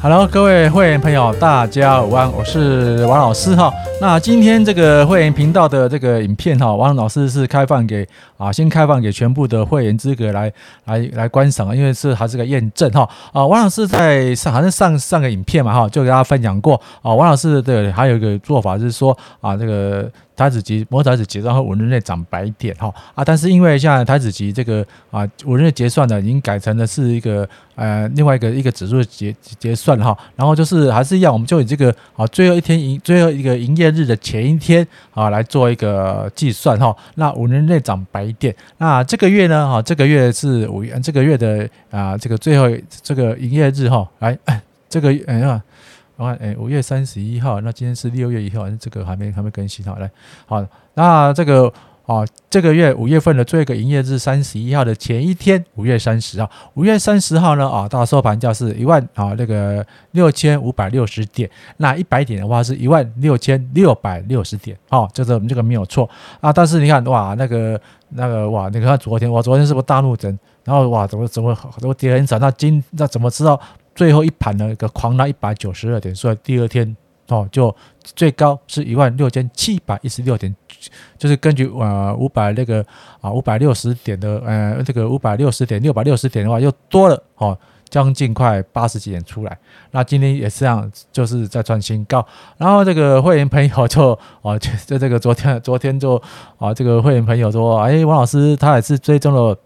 Hello，各位會員朋友，大家午安，我是王老師哈。那今天這個會員頻道的這個影片哈，王老師是開放給啊，先開放給全部的會員資格來來來觀賞啊，因為是還是個驗證哈啊。王老師在上，好像上上個影片嘛哈，就給大家分享過啊。王老師的還有一個做法就是說啊，這個。台資級、摩台子結算後五日內漲白點哈啊！但是因為像台資級這個啊，五日內結算呢，已經改成了是一個呃，另外一個一個指數結結算哈。然後就是還是一樣，我們就以這個啊最後一天營最後一個營業日的前一天啊來做一個計算哈。那五日內漲白點，那這個月呢哈、啊，這個月是五月，這個月的啊這個最後這個營業日哈，來、哎、這個哎呀。我看，哎，五月三十一號，那今天是六月一號，這個還沒還沒更新好來，好，那這個啊、哦，這個月五月份的最後一個營業日三十一號的前一天，五月三十號，五月三十號呢啊、哦，到收盤價是一萬啊、哦、那個六千五百六十點，那一百點的話是一萬六千六百六十點啊，這、哦、個、就是、這個沒有錯啊。但是你看哇，那個那個哇，你看昨天哇，昨天是不是大怒神？然後哇，怎麼怎麼怎麼跌很慘？那今那怎麼知道？最後一盤呢，一個狂拉一百九十二點，所以第二天哦，就最高是一萬六千七百一十六點，就是根據呃五百那個啊五百六十點的呃這個五百六十點六百六十點的話又多了哦，將近快八十幾點出來。那今天也是這樣，就是再創新高。然後這個會員朋友就啊就這個昨天昨天就啊這個會員朋友說，哎，王老師他也是追蹤了。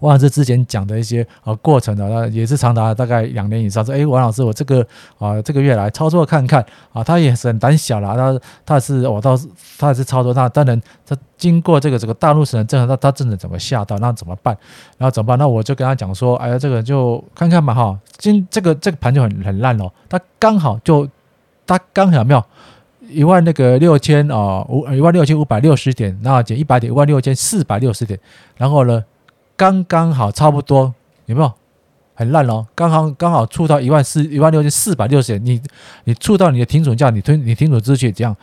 王老師之前講的一些呃、啊、過程的，那也是長達大概兩年以上。說，哎，王老師，我這個啊，這個月來操作看看啊，他也是很膽小啦。他他也是我倒是，他也是操作，他當然他經過這個這個大陸市場，正常他他真的怎麼嚇到？那怎麼辦？然後怎麼辦？那我就跟他講說，哎呀，這個就看看嘛哈。今這個這個盤就很很爛哦，他剛好就他剛好沒有一萬那個六千啊五一萬六千五百六十點，那減一百點，一萬六千四百六十點。然後呢？剛剛好，差不多有沒有？很爛哦，剛剛剛好觸到一萬四一萬六千四百六十點，你你觸到你的停損價，你推你停損止血，這樣？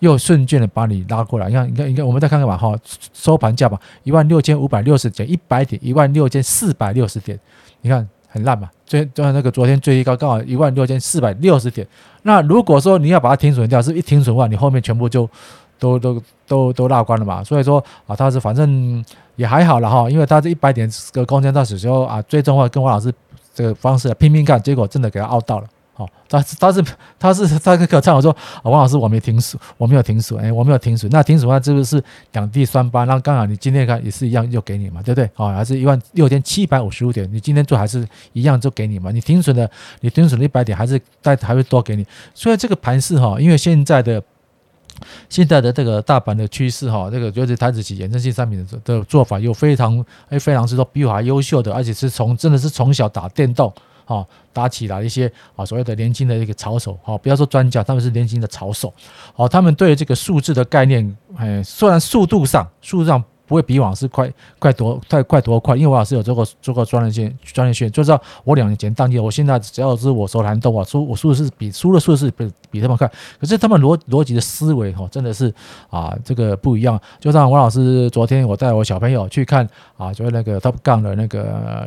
又瞬間的把你拉過來，你看你看你看，我們再看看吧哈、哦，收盤價吧，一萬六千五百六十點，一百點一萬六千四百六十點，你看很爛嘛？就像那個昨天最高剛好一萬六千四百六十點，那如果說你要把它停損掉，是，是一停損的話，你後面全部就。都都都都落光了嘛，所以說啊，他是反正也還好了哈，因為他這一百點這個空間，到時候啊，最終要跟王老師這個方式拼命幹，結果真的給他熬到了。哦，他他是他是他是他可唱我說、啊，王老師我沒停損，我沒有停損，哎，我沒有停損，那停損話是不是兩地雙八，那剛好你今天看也是一樣，又給你嘛，對不對？好，還是一萬六千七百五十五點，你今天做還是一樣就給你嘛，你停損的，你停損了一百點還是帶還會多給你。所以這個盤是哈，因為現在的。現在的這個大盤的趨勢哈，這個尤其是台資企業衍生性商品的的做法，又非常非常之多，比我還優秀的，而且是從真的是從小打電動啊打起來一些啊所謂的年輕的一個潮手好，喔，不要說專家，他們是年輕的一個潮手，好，他們對這個數字的概念，哎，雖然速度上速度上。不會比往事快快多太快多快，因為王老師有做過做過專業線專業線，就知道我兩年前當季，我現在只要是我手盤都啊輸我輸的是比輸的數的是比比他們快，可是他們邏邏輯的思維吼真的是啊這個不一樣，就像王老師昨天我帶我小朋友去看啊，就是那個 Top 槓的那個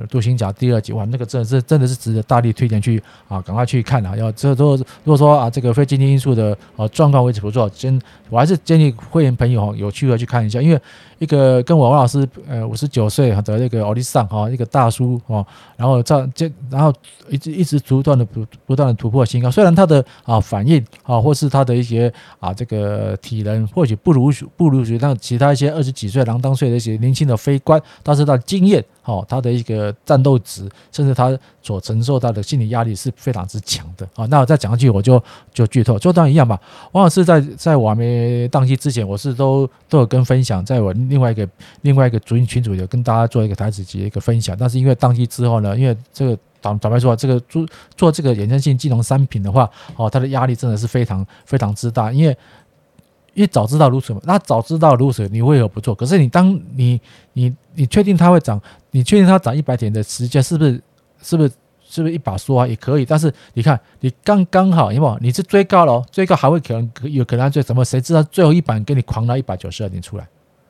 鍍鋅甲第二集哇，那個真的是真的是值得大力推薦去啊，趕快去看啊，要這都如果說啊這個非經濟因素的啊狀況維持不錯，建我還是建議會員朋友有去要去看一下，因為一個。跟我王老師，呃，五十九歲的那個奧利桑哈，那個大叔哦，然後在這，然後一直一直不斷的不不斷的突破新高。雖然他的啊反應啊，或是他的一些啊這個體能，或許不如不如許那其他一些二十幾歲、郎當歲的一些年輕的飛官，但是他的經驗哦，他的一個戰鬥值，甚至他所承受到的心理壓力是非常之強的啊。那我再講一句，我就就劇透，就當一樣吧。王老師在在我還沒檔期之前，我是都都有跟分享，在我另外。給另外一個族群群主也跟大家做一個台子級一個分享，但是因為當期之後呢，因為這個坦坦白說，這個做做這個衍生性金融商品的話，哦，它的壓力真的是非常非常之大，因為因為早知道如此，那早知道如此，你為何不做？可是你當你你你確定它會漲？你確定它漲一百點的時間是不是是不是是不是一把梭啊？也可以，但是你看你剛剛好，你看你是追高了，追高還會可能有可能就怎麼？誰知道最後一板給你狂拉一百九十二點出來？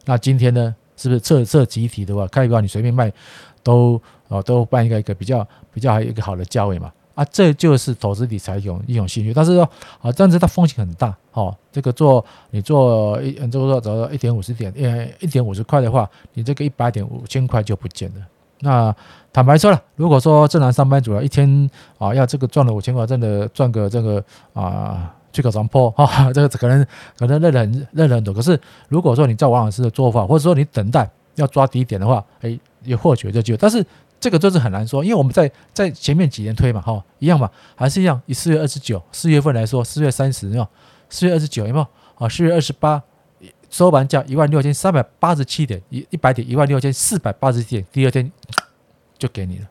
那今天呢，是不是測測集體的話，開盤你隨便賣都，都、哦、啊都辦一個一個比較比較一個好的價位嘛啊？啊，這就是投資理財一種一種興趣，但是說啊這樣子它風險很大哦。這個做你做一，就是說找到一點五十點，呃一點五十塊的話，你這個一百點五千塊就不見了。那坦白說了，如果說正常上班族啊，一天啊要這個賺了五千塊，真的賺個這個啊。去搞上破？哈、哦，這個可能可能認得很認得很多，可是如果說你照王老師的做法，或者說你等待要抓低點的話，哎，也或許就就。但是這個就是很難說，因為我們在在前面幾年推嘛哈、哦，一樣嘛，還是一樣。以四月二十九、四月份來說，四月三十啊，四、哦、月二十九，有沒有啊，四月二十八收盤價一萬六千三百八十七點一一百點一萬六千四百八十七點，第二天就給你了。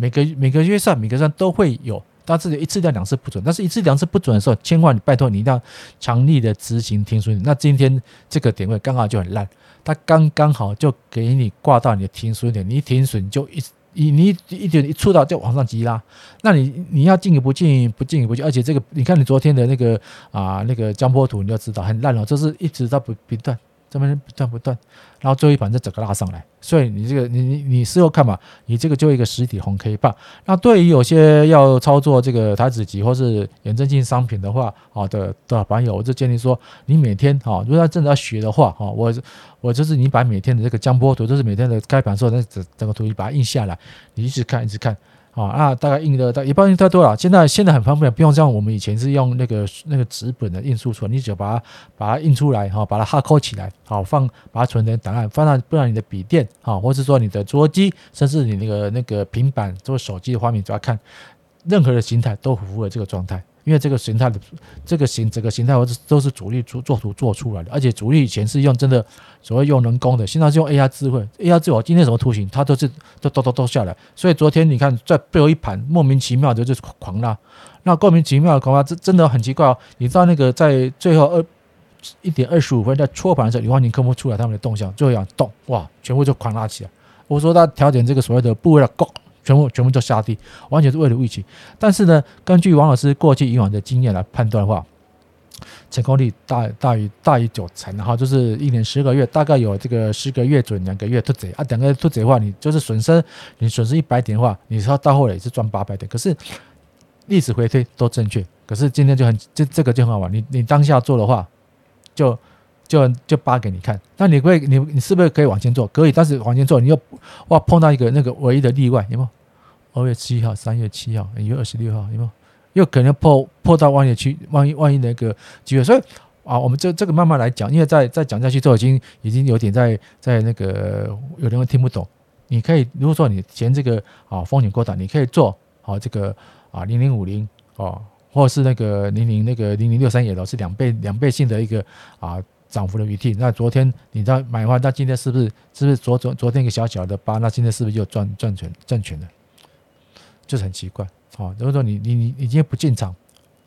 每個每個月上每個月上都會有。他自己一次掉兩次不準，但是一次兩次不準的時候，千萬拜托你一定要強力的執行停損。那今天這個點位剛好就很爛，它剛剛好就給你掛到你的停損點，你一停損就一你你一點一觸到就往上急拉，那你你要進一步進，一步進一步，而且這個你看你昨天的那個啊那個江波圖，你要知道很爛了，就是一直到不斷。這邊不斷不斷，然後最後一盤，再整個拉上來，所以你這個你你你事後看嘛，你這個就一個實體紅 K 棒。那對於有些要操作這個台指期或是衍生性商品的話，好的的網友，我就建議說，你每天哈、啊，如果真的要學的話哈、啊，我我就是你把每天的這個江波圖，就是每天的開盤的時候，那整整個圖你把它印下來，你一直看一直看。啊，啊，大概印的，到也不印太多了。現在現在很方便，不用像我們以前是用那個那個紙本的印書出，出來，你只要把它把它印出來哈、哦，把它哈扣起來，好、哦、放把它存成檔案，放到不然你的筆電好、哦，或是說你的桌機，甚至你那個那個平板做手機的畫面就要看。任何的形態都符合這個狀態，因為這個形態的這個形、整個形態，或者都是主力做做圖做出來的，而且主力以前是用真的所謂用人工的，現在是用 AI 智慧，AI 智慧今天什麼圖形，它都是都都都都,都下來。所以昨天你看在背後一盤莫名其妙的就是狂拉，那莫名其妙的狂拉，這真的很奇怪哦。你知道那個在最後二一點二十五分在搓盤的時候，你完全看不出來他們的動向，最後一樣動，哇，全部就狂拉起來。我說他調整這個所謂的部位了，夠。全部全部都殺低，完全是為了預期。但是呢，根據王老師過去以往的經驗來判斷的話，成功率大大於大於九成，然後就是一年十個月，大概有這個十個月準，兩個月凸槌啊，兩個月凸槌的話，你就是損失，你損失一百點的話，你到到後來也是賺八百點。可是歷史回推都正確，可是今天就很這這個就很好玩。你你當下做的話，就就就扒給你看。那你會你你是不是可以往前做？可以，但是往前做，你又哇碰到一個那個唯一的例外，有沒有？二月七號、三月七號、一月二十六號，有沒有？又可能破破到萬一區，萬一萬一那個機會，所以啊，我們這這個慢慢來講，因為在在講下去之後，已經已經有點在在那個有人會聽不懂。你可以如果說你嫌這個啊風險過大，你可以做，好、啊、這個啊零零五零啊，或者是那個零零那個零零六三也都是兩倍兩倍性的一個啊漲幅的餘地，那昨天你在買的話，那今天是不是是不是昨昨昨天一個小小的八，那今天是不是就賺賺全賺錢了？就是很奇怪，哦，如果說你你你你今天不進場，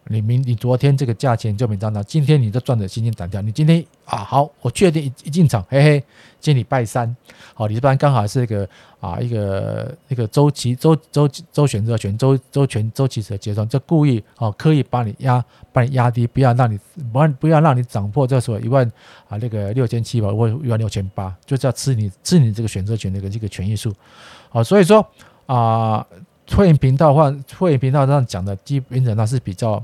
你明你昨天這個價錢就沒漲到，今天你都賺的心驚膽戰。你今天啊，好，我確定一進場，嘿嘿，今天禮拜三，好、哦，你一般剛好是一個啊一個一個周期周周周選擇權周周權，周期的結算，這故意哦刻意把你壓把你壓低，不要讓你不不不要讓你漲破這時候一萬啊那個六千七吧，或一萬六千八，就叫吃你吃你這個選擇權的一個這個權益數，好、哦，所以說啊。呃會員頻道的話，會員頻道上講的基本上那是比較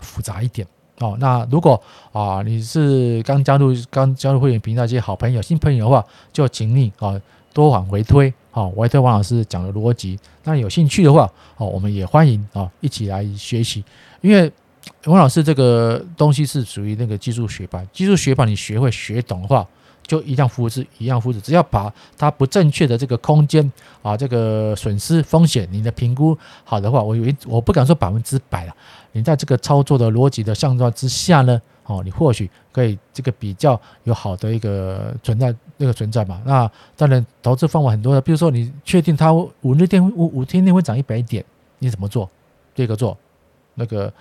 複雜一點哦。那如果啊你是剛加入、剛加入會員頻道這些好朋友、新朋友的話，就請你啊、哦、多往回推，我也推王老師講的邏輯。那有興趣的話，哦，我們也歡迎啊、哦、一起來學習，因為王老師這個東西是屬於那個技術學派，技術學派，你學會學懂的話。就一樣複制，一樣複制，只要把它不正確的這個空間啊，這個損失風險，你的評估好的話，我以為我不敢說百分之百了。你在這個操作的邏輯的現狀之下呢，哦，你或許可以這個比較有好的一個存在，那個存在嘛。那當然，投資方法很多的，比如說你確定它五日天五五天內會漲一百點，你怎麼做？這個做，那個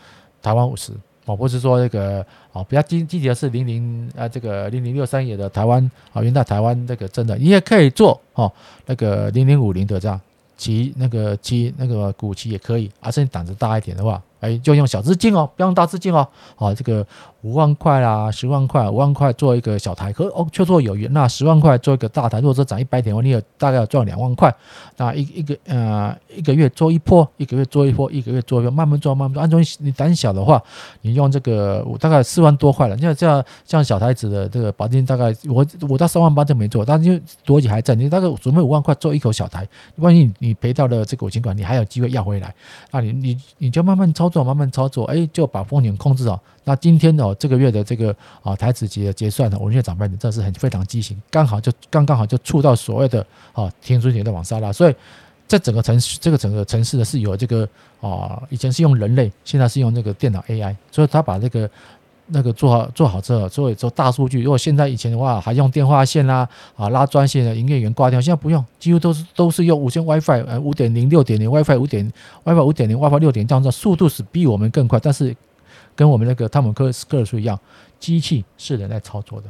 台灣五十。我不是說那個哦，比較激積極的是零零啊，這個零零六三也的台灣啊，元大台灣這個真的你也可以做哦，那個零零五零的這樣期那個期那個股期也可以，啊，甚至膽子大一點的話，哎、欸，就用小資金哦，不要用大資金哦，好、哦、這個。五萬塊啦、啊，十萬塊、啊，五萬塊做一個小台，可哦，綽綽有餘。那十萬塊做一個大台，如果說漲一百點的話，你有大概要賺兩萬塊。那一一個呃一個月做一波，一個月做一波，一個月做一波，慢慢做，慢慢做。按說，你膽小的話，你用這個大概四萬多塊了。你要像像小台子的這個保證金，大概我我到三萬八就沒做，但是因為多幾還在。你大概準備五萬塊做一口小台，萬一你，你賠掉了這個我儘管你還有機會要回來。那你你你就慢慢操作，慢慢操作，哎，就把風險控制好。那今天呢、哦？這個月的這個啊，台指節的結算呢，五月漲百分之二是很非常畸形，剛好就剛剛好就觸到所謂的啊天書節的網殺啦。所以在整個城市，這個整個城市呢是有這個啊，以前是用人類，現在是用那個電腦 AI，所以他把這個那個做好做好之後，做大數據。如果現在以前的話還用電話線啦啊，啊拉專線的、啊、營業員掛掉，現在不用，幾乎都是都是用無線 WiFi，呃五點零、六點零 WiFi，五點 WiFi 五點零 WiFi 六點零，這樣的速度是比我們更快，但是。跟我們那個湯姆科斯克爾說一樣，機器是人來操作的。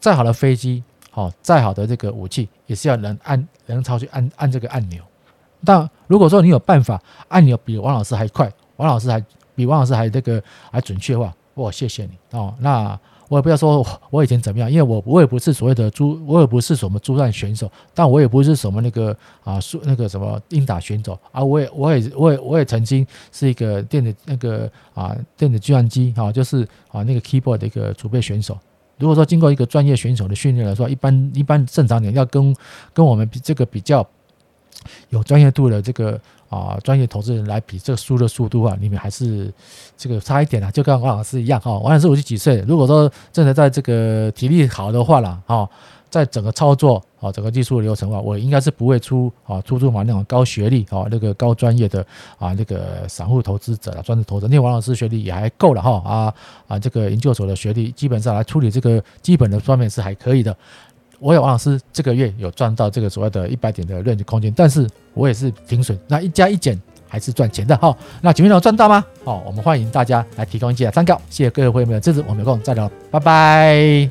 再好的飛機，好，哦，再好的這個武器，也是要人按，人操作，按按這個按鈕。但如果說你有辦法按鈕比王老師還快，王老師還比王老師還那個還準確的話，我謝謝你哦。那，我也不要說我以前怎麼樣，因為我我也不是所謂的主，我也不是什麼主戰選手，但我也不是什麼那個啊，說那個什麼英打選手啊，我也我也我也我也曾經是一個電子那個啊電子計算機哈、啊，就是啊那個 keyboard 的一個儲備選手。如果說經過一個專業選手的訓練來說，一般一般正常點要跟跟我們這個比較。有專業度的這個啊，專業投資人來比這個輸的速度啊，你們還是這個差一點啊。就跟王老師一樣哈。王老師我是幾歲？如果說真的在這個體力好的話了哈，在整個操作啊，整個技術流程啊，我應該是不會出啊，出租房那種高學歷啊，那個高專業的啊，那個散戶投資者啊，專職投資人。那王老師學歷也還夠了哈啊啊，這個研究所的學歷基本上來處理這個基本的方面是還可以的。我也有王老師這個月有賺到這個所謂的100點的認知空間，但是我也是停損，那一加一減還是賺錢的哈。那幾位朋友賺到嗎？好，我們歡迎大家來提供一些參考，謝謝各位會員的支持，我們有空再聊，拜拜。